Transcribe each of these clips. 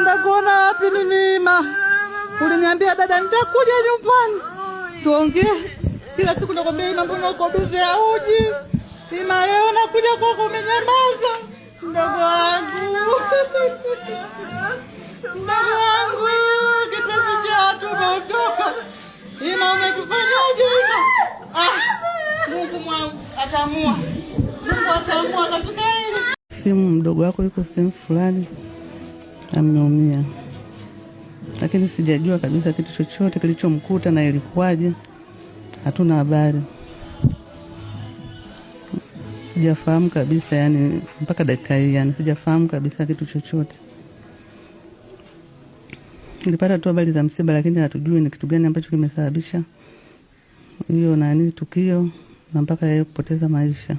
ndakuona wapi mimi ima Uliniambia dada, nitakuja nyumbani tuonge Kila siku nakwambia ima, mbona uko bize auji? Ima, leo nakuja kwako, umenyamaza mdogo wangu mdogo wangu, kipenzi cha watu umeotoka. Ima, umetufanyaje? Ah, Mungu mwangu atamua, Mungu atamua katika hili. Simu mdogo wako yuko sehemu fulani ameumia, lakini sijajua kabisa kitu chochote kilichomkuta na ilikuwaje, hatuna habari, sijafahamu kabisa, yani mpaka dakika hii, yani sijafahamu kabisa kitu chochote. Nilipata tu habari za msiba, lakini hatujui ni kitu gani ambacho kimesababisha hiyo nani tukio na mpaka yeye kupoteza maisha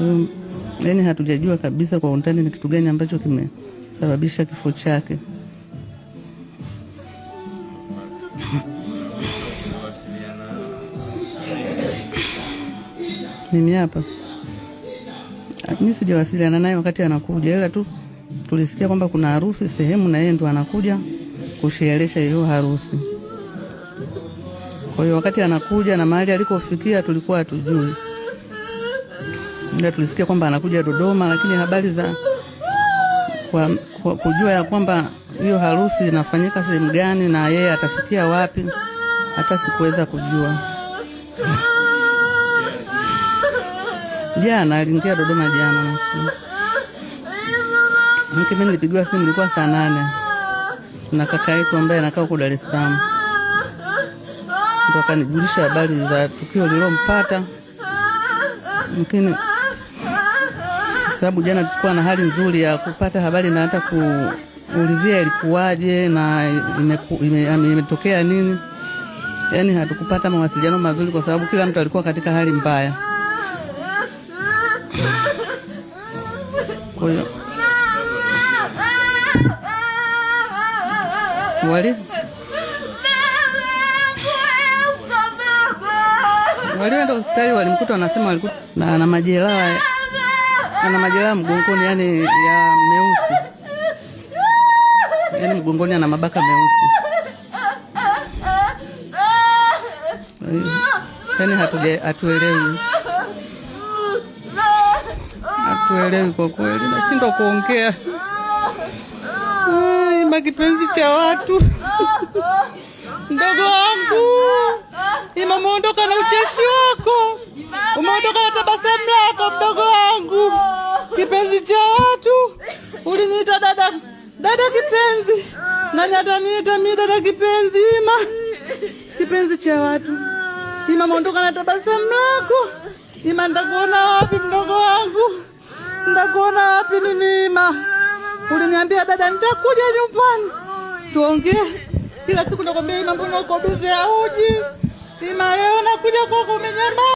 um, yani hatujajua kabisa kwa undani ni kitu gani ambacho kimesababisha kifo chake. Mimi hapa mi sijawasiliana naye wakati anakuja, ila tu tulisikia kwamba kuna harusi sehemu, na yeye ndo anakuja kusherehesha hiyo harusi. Kwa hiyo wakati anakuja na mahali alikofikia tulikuwa hatujui ndio tulisikia kwamba anakuja Dodoma, lakini habari za kwa, kwa kujua ya kwamba hiyo harusi inafanyika sehemu gani na yeye atafikia wapi hata sikuweza kujua. Jana aliingia Dodoma jana, mimi nilipigiwa simu, ilikuwa saa nane na kaka yetu ambaye anakaa huko Dar es Salaam, ndo akanijulisha habari za tukio lilompata mkini sababu jana tulikuwa na hali nzuri ya kupata habari na hata kuulizia ilikuwaje na imetokea ime, ime nini. Yaani hatukupata mawasiliano mazuri kwa sababu kila mtu alikuwa katika hali mbaya. Kwa hiyo wali hospitali walimkuta, wanasema walikuwa na, na majeraha ana majeraha mgongoni, yani ya meusi, yani mgongoni ana mabaka meusi. Yani hatuelewi, hatuelewi kwa kweli, nashindwa kuongea ima kipenzi cha watu ndogo wangu ima na ucheshi wako Umeondoka na tabasamu lako mdogo wangu, kipenzi cha watu. Uliniita dada, dada kipenzi. Nani ataniita mi dada kipenzi? Ima, kipenzi cha watu. Ima, umeondoka na tabasamu lako. Ima, ndakuona wapi mdogo wangu? Ndakuona wapi mimi Ima? Uliniambia dada, nitakuja nyumbani tuongee kila siku nakwambia, Ima, mbona uko bize auji? Ima, leo nakuja kwako umenyamaza.